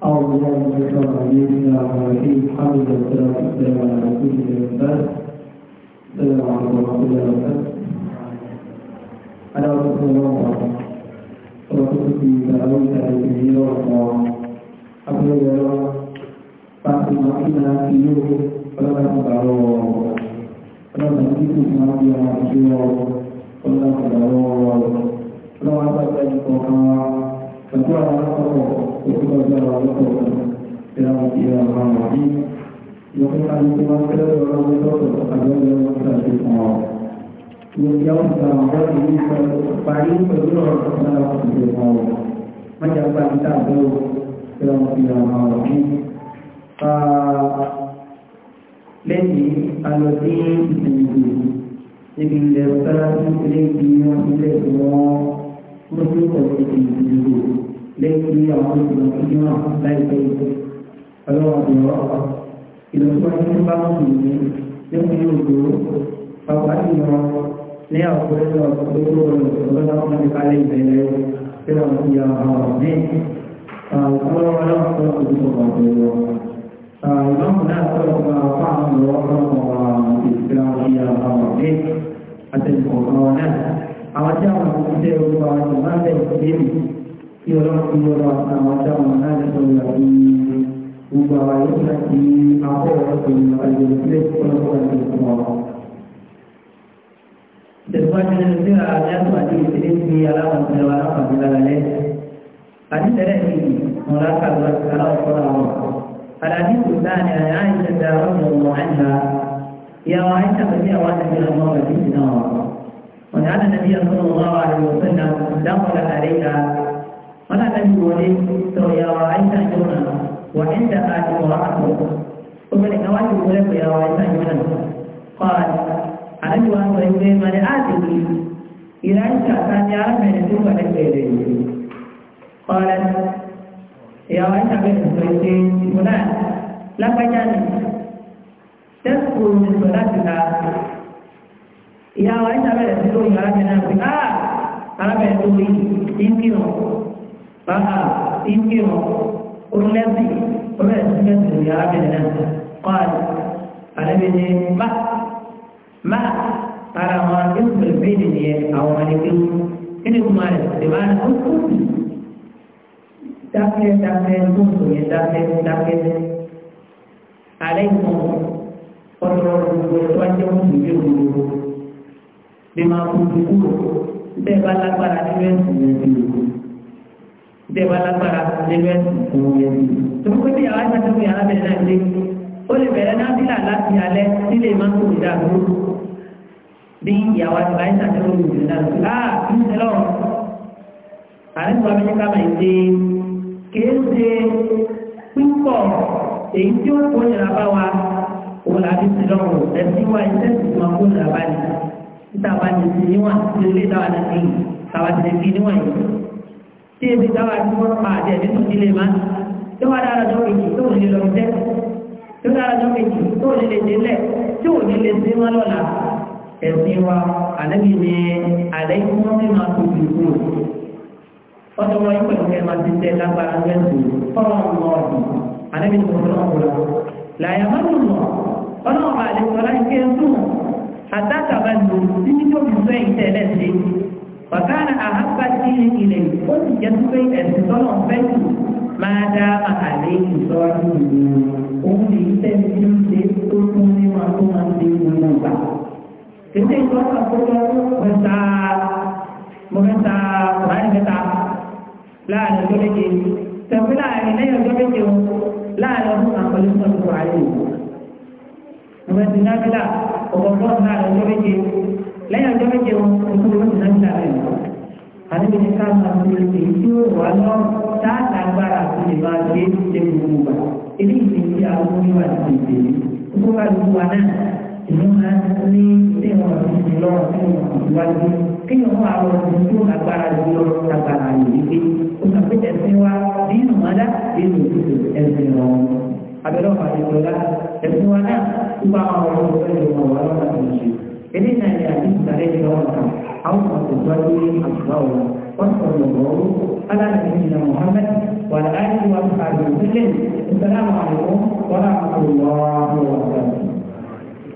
أعوذ بالله من الشيطان الرجيم بسم الله الرحمن الرحيم الحمد لله والصلاة والسلام على رسول الله وبعد السلام عليكم ورحمة الله وبركاته على رسول الله ورسوله تعالوا تعالى به ورحمة أبو يرى بعد ما كنا فيه فلا تنبعوا فلا تنبعوا ما فيها أشياء فلا تنبعوا فلا تنبعوا lẹ́yìn alọ́dí ìsìnkú níbi ilẹ̀ ọ̀tára tí ó lé bí wọ́n ilé ìwọ̀n kí àwọn ìgbìmọ̀ ìjọba láìpẹ́ ọlọ́wọ́ àbúrò ìlọsíwájú tó bá wù mí lókè òdo pàpà ìlọ ní àkójọ gbogbo ọlọ́dà wọn ti kálẹ̀ ìbẹ̀rẹ̀ tí wọ́n ti yà ọ̀rọ̀ ní ọlọ́wọ́ ọlọ́wọ́ tó ń sọ̀rọ̀ àbúrò. Ìgbọ́n náà sọ̀rọ̀ fún àwọn àwọn ọ̀rọ̀ ọ̀rọ̀ ìgbà ìyá ọ̀rọ̀ ní àtẹnukọ̀ọ̀kan náà. Àwọn tí àwọn òṣìṣẹ́ olúwa ti máa ń bẹ̀rẹ̀ sí kí ọlọ́run yọ lọ àwọn adáwọn aláìsàn ìyàwó gbogbo àwọn yóò láti akọ́ ọ̀rọ̀ ìrìnàjò sílẹ̀ ọlọ́run àti ìfọ̀. Tẹ̀síwájú nínú tí a ní àtúwájú ìdílé ti aláwọ̀n tẹ̀lé wa láwọn àti lálẹ́. Àdìsẹ́lẹ̀ ni wọn láta lọ sí aláwọ̀ fọ́lá wọn. Àdàdí kò sáà ní àyà ìṣẹ̀dá ọ̀rọ̀ ọ̀rọ̀ àìsà. Ìyàwó àìsà pẹ̀lú àwọn àti ìyàwó àti ìsìn náà. Wọ̀n wọ́n àtẹ́bí wọlé tọ̀rọ̀ yàrá àìsà ìjọ́nà wà ń da àti wà ápò obìnrin kan wá ti wọlé pẹ̀lú yàrá àìsà ìjọ́nà kọ́ra àtẹ́bí wà sọ ẹgbẹ́ mẹ́rin àti kì ìrà àìsà sáni arábìnrin tó wà lẹ́gbẹ̀ẹ́ rẹ̀ kọ́ra yàrá àìsà bẹ̀rẹ̀ sọ ẹgbẹ́ múná lápẹ́jà ni tẹ́sùkù sọ láti ta ìyàwó àìsà bẹ̀rẹ̀ sí فها إنكروا والذي ورأسكت يا رب الناس قال أنا بني ما ما ترى ما اسم البيت أو ملكه إنكم على استبان أسكت dákẹ́ dákẹ́ gbóòtò yẹn dákẹ́ dákẹ́ alẹ́ ìmọ̀ ọ̀dọ̀ gbogbo ẹ̀tọ́ ajé òkú yé gbogbo bí máa kú bẹ́ẹ̀ bá lágbára lébẹ́ òun yẹn. Tòun pé bí àwọn àjàtò mi arábìnrin náà dé, ó lè bẹ̀rẹ̀ náà sílà láti alẹ́ nílé máa ń kó ìdá àbúrò. Bí ìyàwó àti báyìí sàtẹ́ ló lùdì náà lọ. Á kí ń sẹ́lọ̀. Ààrẹ tó wá bí ká máa ń ṣe kìí ṣe púpọ̀ èyí tí ó kó nira bá wa òun làbí sílọ̀ ẹ̀sìn wa iṣẹ́ sì máa kó nira bá ní. Níta ní ti níwọ̀n tí ebi dáwà tí wọ́n pa àjẹ́ nínú ilé ma tí wọ́n dára jọ kejì tó ò ní lọ jẹ́ tí wọ́n dára jọ kejì tó ò ní lè délẹ̀ tí ò ní lè sí wọn lọ́la ẹ̀sìn wa àlẹ́bí ni àlẹ́ ikú wọn fi máa tó ju kúrò ọjọ́ wọn yóò pẹ̀lú kẹ́ẹ̀ máa ti tẹ́ lágbára mẹ́tò fọ́ọ̀rọ̀ ọ̀dù àlẹ́bí ni wọ́n lọ́wọ́ la làyà má lù mọ́ ọlọ́wọ́ bá àlẹ́ sọ́lá ń ké sùn àtàkàbà lò títí tó fi fẹ́ ìtẹ́lẹ̀ sí wàkàrà dínú ilẹ̀ ó sì jẹ́ tó pé ẹ̀sìn tọ́lọ̀ fẹ́ jù máa dá àlẹ́ ìsọ́jú òun lè tẹ́ sí ń ṣe tó tún ní wọn tó máa ń ṣe gbogbo gbà. Tètè ìtọ́jú àkójọ mẹ́ta mọ́mẹ́ta ọ̀hánì mẹ́ta láàrin ọjọ́ méje. Tẹ̀wé láàrin lẹ́yìn ọjọ́ méje o láàrin ọdún kan pẹ̀lú ìtọ́jú ààrẹ ìlú. Mọ̀mẹ́tì nábìlà ọ̀gọ̀gbọ́n láàrin ọjọ́ méje lẹ́yìn ọjọ́ méje o ìtọ́jú nábìlà rẹ̀ àti ní ká máa fi èyí tí ó wà lọ dáadáagbára àti lè máa gbé ṣe gbogbo wa èyí ìdí tí a mú níwà ti lè dé gbogbo wa gbogbo wa náà ìlú máa ní ilé wọn ti ti lọ sí ìwájú kí ni wọn àwọn ọdún tó agbára yìí lọ agbára yìí gbé o kà pé ẹsìn wa bí inú wọn dá èyí ò tó ẹsìn wọn abẹ́rẹ́ ọ̀pá ti sọ dá ẹsìn wa náà إلينا إلى أن عليه وسلم أو تزوجي الضوء وصل الضوء على نبينا محمد وعلى آله وأصحابه وسلم السلام عليكم ورحمة الله وبركاته